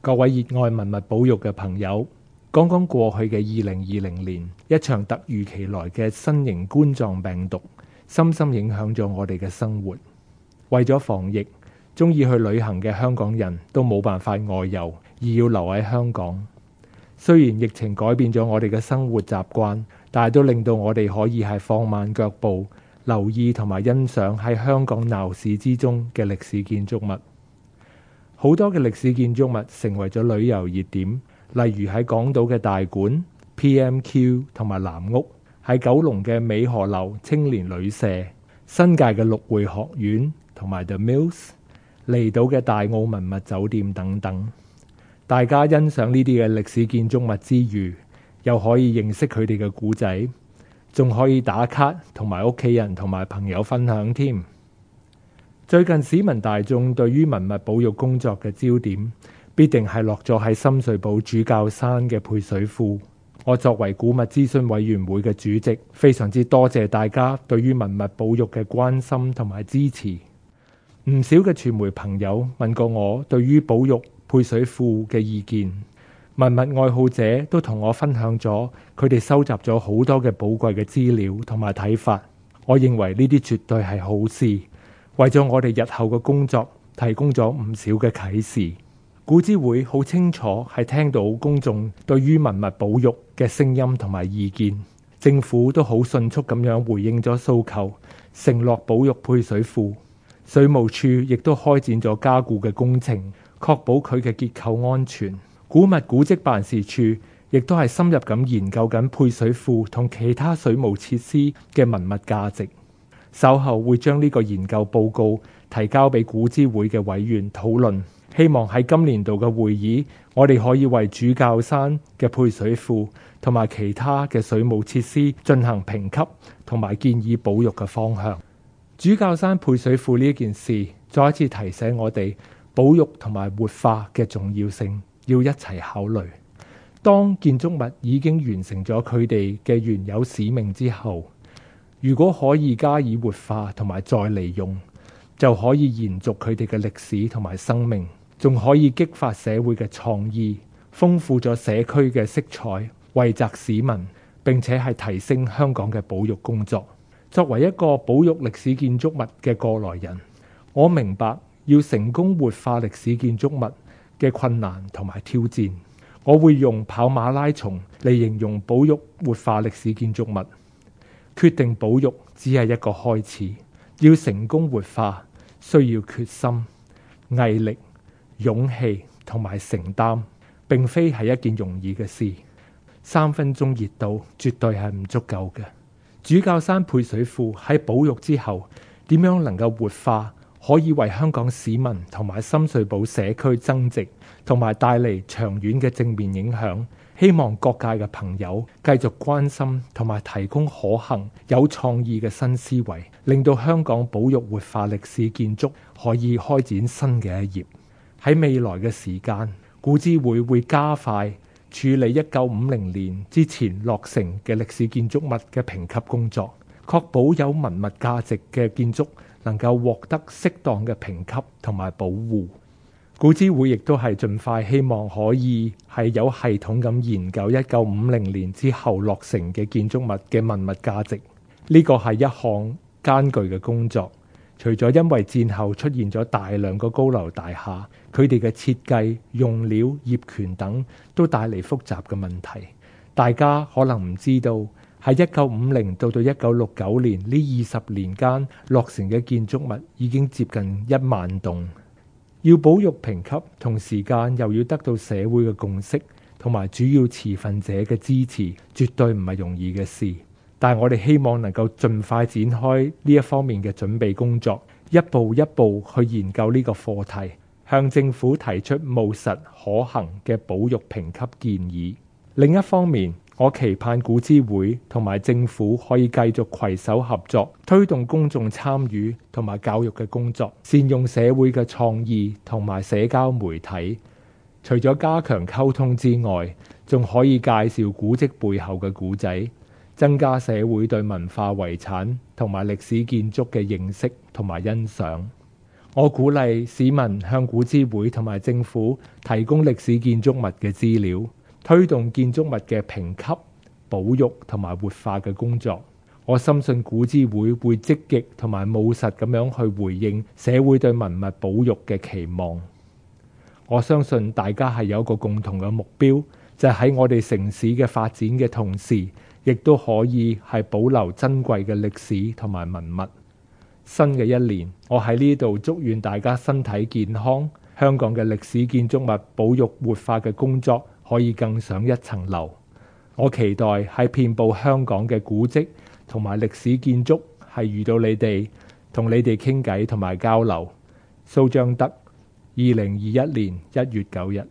各位熱愛文物保育嘅朋友，剛剛過去嘅二零二零年，一場突如其來嘅新型冠狀病毒，深深影響咗我哋嘅生活。為咗防疫，鍾意去旅行嘅香港人都冇辦法外遊，而要留喺香港。雖然疫情改變咗我哋嘅生活習慣，但係都令到我哋可以係放慢腳步，留意同埋欣賞喺香港鬧市之中嘅歷史建築物。好多嘅歷史建築物成為咗旅遊熱點，例如喺港島嘅大館、PMQ 同埋藍屋，喺九龍嘅美荷樓青年旅舍、新界嘅綠匯學苑同埋 The Mills，離島嘅大澳文物酒店等等。大家欣賞呢啲嘅歷史建築物之餘，又可以認識佢哋嘅古仔，仲可以打卡同埋屋企人同埋朋友分享添。最近市民大眾對於文物保育工作嘅焦點，必定係落咗喺深水埗主教山嘅配水庫。我作為古物諮詢委員會嘅主席，非常之多謝大家對於文物保育嘅關心同埋支持。唔少嘅傳媒朋友問過我對於保育配水庫嘅意見，文物愛好者都同我分享咗，佢哋收集咗好多嘅寶貴嘅資料同埋睇法。我認為呢啲絕對係好事。為咗我哋日後嘅工作提供咗唔少嘅啟示，古諮會好清楚係聽到公眾對於文物保育嘅聲音同埋意見，政府都好迅速咁樣回應咗訴求，承諾保育配水庫，水務署亦都開展咗加固嘅工程，確保佢嘅結構安全。古物古蹟辦事處亦都係深入咁研究緊配水庫同其他水務設施嘅文物價值。稍後會將呢個研究報告提交俾古諮會嘅委員討論，希望喺今年度嘅會議，我哋可以為主教山嘅配水庫同埋其他嘅水務設施進行評級，同埋建議保育嘅方向。主教山配水庫呢件事，再一次提醒我哋保育同埋活化嘅重要性，要一齊考慮。當建築物已經完成咗佢哋嘅原有使命之後。如果可以加以活化同埋再利用，就可以延續佢哋嘅歷史同埋生命，仲可以激發社會嘅創意，豐富咗社區嘅色彩，惠澤市民，並且係提升香港嘅保育工作。作為一個保育歷史建築物嘅過來人，我明白要成功活化歷史建築物嘅困難同埋挑戰。我會用跑馬拉松嚟形容保育活化歷史建築物。決定保育只係一個開始，要成功活化，需要決心、毅力、勇氣同埋承擔，並非係一件容易嘅事。三分鐘熱度絕對係唔足夠嘅。主教山配水庫喺保育之後，點樣能夠活化，可以為香港市民同埋深水埗社區增值，同埋帶嚟長遠嘅正面影響。希望各界嘅朋友繼續關心同埋提供可行、有創意嘅新思維，令到香港保育活化歷史建築可以開展新嘅一頁。喺未來嘅時間，古諮會會加快處理一九五零年之前落成嘅歷史建築物嘅評級工作，確保有文物價值嘅建築能夠獲得適當嘅評級同埋保護。古諮會亦都係盡快希望可以係有系統咁研究一九五零年之後落成嘅建築物嘅文物價值。呢個係一項艱巨嘅工作。除咗因為戰後出現咗大量嘅高樓大廈，佢哋嘅設計、用料、業權等都帶嚟複雜嘅問題。大家可能唔知道，喺一九五零到到一九六九年呢二十年間落成嘅建築物已經接近一萬棟。要保育評級同時間又要得到社會嘅共識，同埋主要持份者嘅支持，絕對唔係容易嘅事。但係我哋希望能夠盡快展開呢一方面嘅準備工作，一步一步去研究呢個課題，向政府提出務實可行嘅保育評級建議。另一方面。我期盼古諮會同埋政府可以繼續攜手合作，推動公眾參與同埋教育嘅工作，善用社會嘅創意同埋社交媒體，除咗加強溝通之外，仲可以介紹古蹟背後嘅古仔，增加社會對文化遺產同埋歷史建築嘅認識同埋欣賞，我鼓勵市民向古諮會同埋政府提供歷史建築物嘅資料。推動建築物嘅評級、保育同埋活化嘅工作，我深信古諮會會積極同埋務實咁樣去回應社會對文物保育嘅期望。我相信大家係有一個共同嘅目標，就係喺我哋城市嘅發展嘅同時，亦都可以係保留珍貴嘅歷史同埋文物。新嘅一年，我喺呢度祝願大家身體健康。香港嘅歷史建築物保育活化嘅工作，可以更上一層樓。我期待喺遍佈香港嘅古蹟同埋歷史建築，係遇到你哋，同你哋傾偈同埋交流。蘇彰德，二零二一年一月九日。